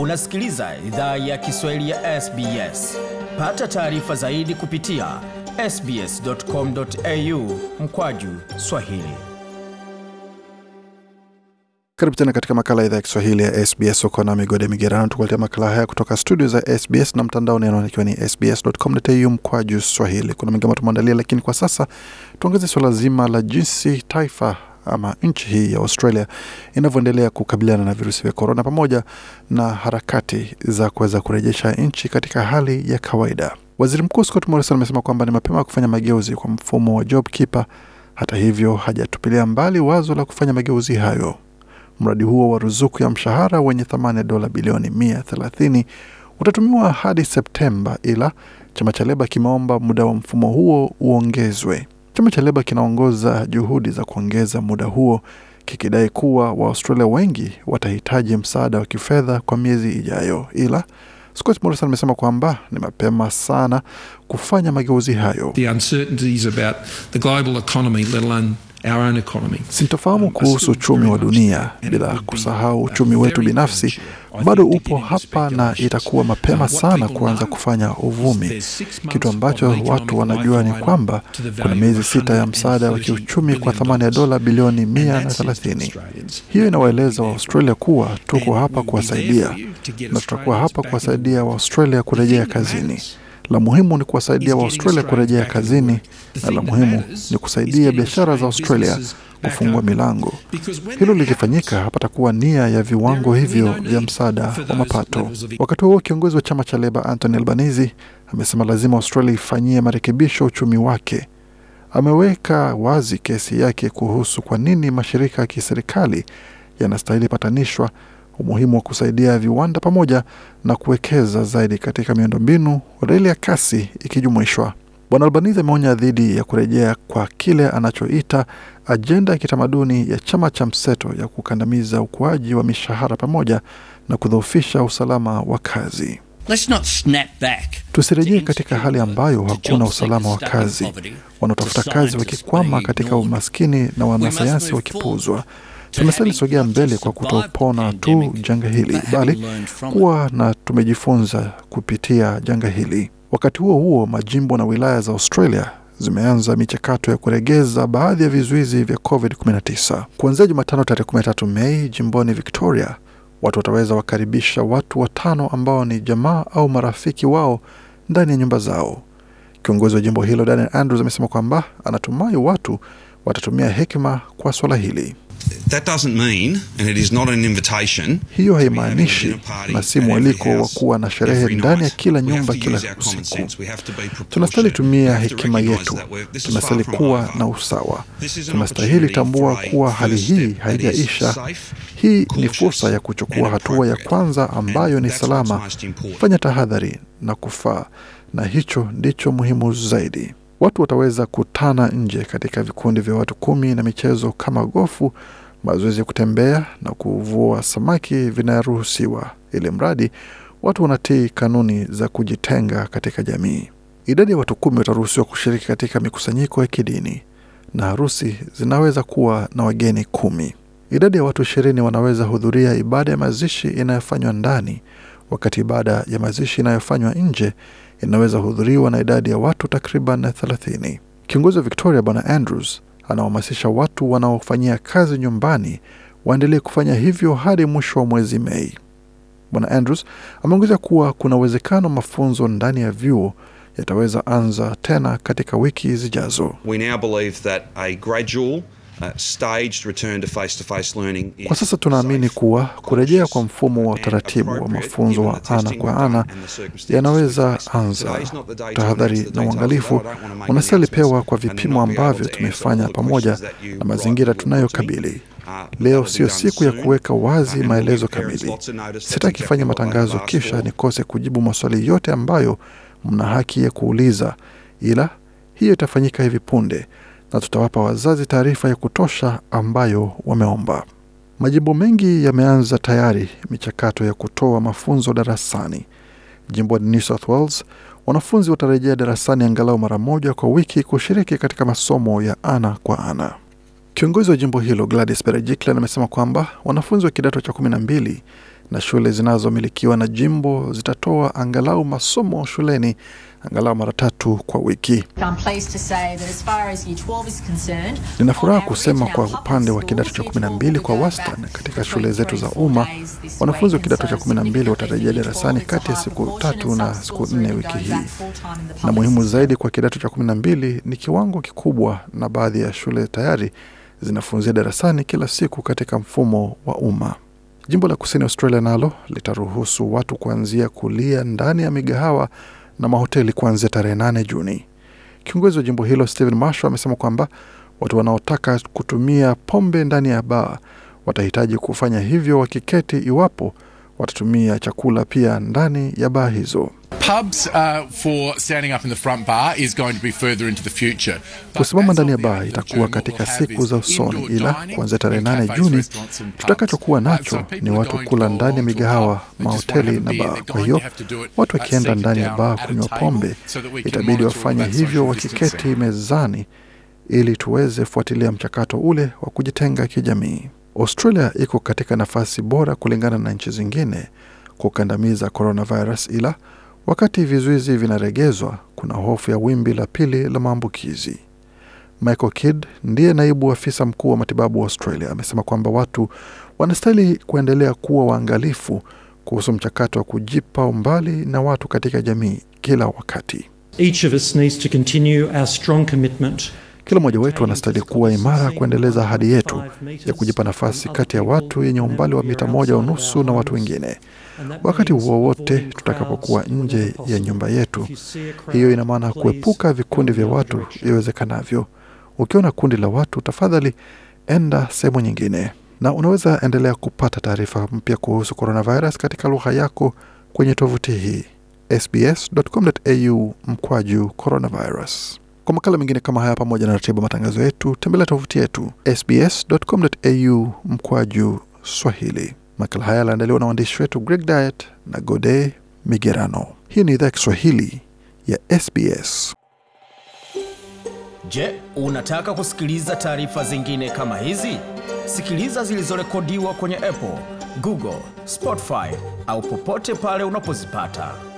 Unasikiliza idhaa ya Kiswahili ya SBS. Pata taarifa zaidi kupitia sbs.com.au mkwaju swahili. Karibu tena katika makala idhaa ya Kiswahili ya SBS. Uko na migode migerano, tukuletea makala haya kutoka studio za SBS na mtandaoni anaonekiwa ni sbs.com.au mkwaju swahili. Kuna mengi mwandalia tumeandalia, lakini kwa sasa tuongeze suala zima la jinsi taifa ama nchi hii ya Australia inavyoendelea kukabiliana na virusi vya korona, pamoja na harakati za kuweza kurejesha nchi katika hali ya kawaida. Waziri Mkuu Scott Morrison amesema kwamba ni mapema kufanya mageuzi kwa mfumo wa job keeper. Hata hivyo, hajatupilia mbali wazo la kufanya mageuzi hayo. Mradi huo wa ruzuku ya mshahara wenye thamani ya dola bilioni 130 utatumiwa hadi Septemba, ila chama cha Leba kimeomba muda wa mfumo huo uongezwe. Chama cha Leba kinaongoza juhudi za kuongeza muda huo kikidai kuwa Waaustralia wengi watahitaji msaada wa kifedha kwa miezi ijayo, ila Scott Morrison amesema kwamba ni mapema sana kufanya mageuzi hayo. The uncertainties about the global economy, let alone Sintofahamu kuhusu uchumi wa dunia bila kusahau uchumi wetu binafsi bado upo hapa, na itakuwa mapema sana kuanza kufanya uvumi. Kitu ambacho watu wanajua ni kwamba kuna miezi sita ya msaada wa kiuchumi kwa thamani ya dola bilioni mia na thelathini. Hiyo inawaeleza Waaustralia kuwa tuko hapa kuwasaidia na tutakuwa hapa kuwasaidia Waaustralia kurejea kazini. La muhimu ni kuwasaidia Waaustralia kurejea kazini, na la muhimu ni kusaidia biashara za Australia kufungua milango. Hilo likifanyika, hapatakuwa nia ya viwango hivyo vya msaada wa mapato. Wakati huo, kiongozi wa chama cha Leba antony albanizi amesema lazima Australia ifanyie marekebisho uchumi wake. Ameweka wazi kesi yake kuhusu kwa nini mashirika ya kiserikali yanastahili patanishwa umuhimu wa kusaidia viwanda pamoja na kuwekeza zaidi katika miundombinu, reli ya kasi ikijumuishwa. Bwana Albanizi ameonya dhidi ya kurejea kwa kile anachoita ajenda ya kitamaduni ya chama cha mseto ya kukandamiza ukuaji wa mishahara pamoja na kudhoofisha usalama wa kazi. Tusirejee katika hali ambayo hakuna usalama wa kazi, wanaotafuta kazi wakikwama katika umaskini na wanasayansi wakipuuzwa tumesalisogea mbele kwa kutopona tu janga hili, bali kuwa na tumejifunza kupitia janga hili. Wakati huo huo, majimbo na wilaya za Australia zimeanza michakato ya kuregeza baadhi ya vizuizi vya COVID-19. Kuanzia Jumatano tarehe 13 Mei, jimboni Victoria, watu wataweza wakaribisha watu watano ambao ni jamaa au marafiki wao ndani ya nyumba zao. Kiongozi wa jimbo hilo Daniel Andrews amesema kwamba anatumai watu watatumia hekima kwa swala hili. That doesn't mean, and it is not an invitation, hiyo haimaanishi na si mwaliko wa kuwa na sherehe ndani ya kila nyumba kila usiku. Tunastahili tumia hekima yetu, tunastahili kuwa na usawa, tunastahili tambua kuwa hali hii haijaisha. Hii ni fursa ya kuchukua hatua ya kwanza ambayo ni salama, fanya tahadhari na kufaa, na hicho ndicho muhimu zaidi. Watu wataweza kutana nje katika vikundi vya watu kumi na michezo kama gofu mazoezi ya kutembea na kuvua samaki vinaruhusiwa, ili mradi watu wanatii kanuni za kujitenga katika jamii. Idadi ya watu kumi wataruhusiwa kushiriki katika mikusanyiko ya kidini na harusi zinaweza kuwa na wageni kumi. Idadi ya watu ishirini wanaweza hudhuria ibada ya mazishi inayofanywa ndani, wakati ibada ya mazishi inayofanywa nje inaweza hudhuriwa na idadi ya watu takriban thelathini. Kiongozi wa Victoria Bwana Andrews anawahamasisha watu wanaofanyia kazi nyumbani waendelee kufanya hivyo hadi mwisho wa mwezi Mei. Bwana Andrews ameongeza kuwa kuna uwezekano mafunzo ndani ya vyuo yataweza anza tena katika wiki zijazo. We now believe that a gradual Uh, kwa sasa tunaamini kuwa kurejea kwa mfumo wa taratibu wa mafunzo wa ana kwa ana yanaweza anza. Tahadhari na uangalifu unastahili pewa kwa vipimo ambavyo tumefanya pamoja na mazingira tunayokabili. Uh, Leo siyo siku ya kuweka uh, wazi maelezo kamili. Sitaki fanya matangazo kisha nikose kujibu maswali yote ambayo mna haki ya kuuliza, ila hiyo itafanyika hivi punde na tutawapa wazazi taarifa ya kutosha ambayo wameomba. Majimbo mengi yameanza tayari michakato ya kutoa mafunzo darasani. jimbo New South Wales, wanafunzi watarejea darasani angalau mara moja kwa wiki kushiriki katika masomo ya ana kwa ana. Kiongozi wa jimbo hilo Gladys Berejiklian amesema kwamba wanafunzi wa kidato cha kumi na mbili na shule zinazomilikiwa na jimbo zitatoa angalau masomo shuleni angalau mara tatu kwa wiki. Nina furaha kusema kwa upande wa kidato cha 12 kwa wastani, katika shule zetu za umma wanafunzi wa kidato cha 12 watarejea darasani kati ya siku tatu na siku nne wiki hii, na muhimu zaidi kwa kidato cha 12 ni kiwango kikubwa, na baadhi ya shule tayari zinafunzia darasani kila siku katika mfumo wa umma. Jimbo la kusini Australia nalo litaruhusu watu kuanzia kulia ndani ya migahawa na mahoteli kuanzia tarehe nane Juni. Kiongozi wa jimbo hilo Stephen Marshall amesema kwamba watu wanaotaka kutumia pombe ndani ya baa watahitaji kufanya hivyo wakiketi, iwapo watatumia chakula pia ndani ya baa hizo pubs uh, for standing up in the front bar is going to be further into the future. Kusimama ndani ya baa itakuwa katika siku za usoni, ila kuanzia tarehe 8 Juni tutakachokuwa nacho ni watu kula ndani ya migahawa, mahoteli na baa. Kwa hiyo watu wakienda ndani ya baa kunywa pombe, itabidi wafanye hivyo wakiketi mezani, ili tuweze fuatilia mchakato ule wa kujitenga kijamii. Australia iko katika nafasi bora kulingana na nchi zingine kukandamiza coronavirus ila Wakati vizuizi vinaregezwa, kuna hofu ya wimbi la pili la maambukizi. Michael Kidd ndiye naibu afisa mkuu wa matibabu wa Australia amesema kwamba watu wanastahili kuendelea kuwa waangalifu kuhusu mchakato wa kujipa umbali na watu katika jamii kila wakati. Each of us needs to continue our strong commitment. Kila mmoja wetu anastahili kuwa imara kuendeleza ahadi yetu ya kujipa nafasi kati ya watu yenye umbali wa mita moja unusu na watu wengine wakati wowote tutakapokuwa nje ya nyumba yetu. Hiyo ina maana kuepuka vikundi vya watu iwezekanavyo. Ukiona kundi la watu, tafadhali enda sehemu nyingine, na unaweza endelea kupata taarifa mpya kuhusu coronavirus katika lugha yako kwenye tovuti hii sbs.com.au mkwaju coronavirus. Kwa makala mengine kama haya, pamoja na ratiba matangazo yetu, tembelea tovuti yetu sbs.com.au mkwaju Swahili. Makala haya yaliandaliwa na waandishi wetu Greg Diet na Gode Migerano. Hii ni idhaa ya Kiswahili ya SBS. Je, unataka kusikiliza taarifa zingine kama hizi? Sikiliza zilizorekodiwa kwenye Apple, Google, Spotify au popote pale unapozipata.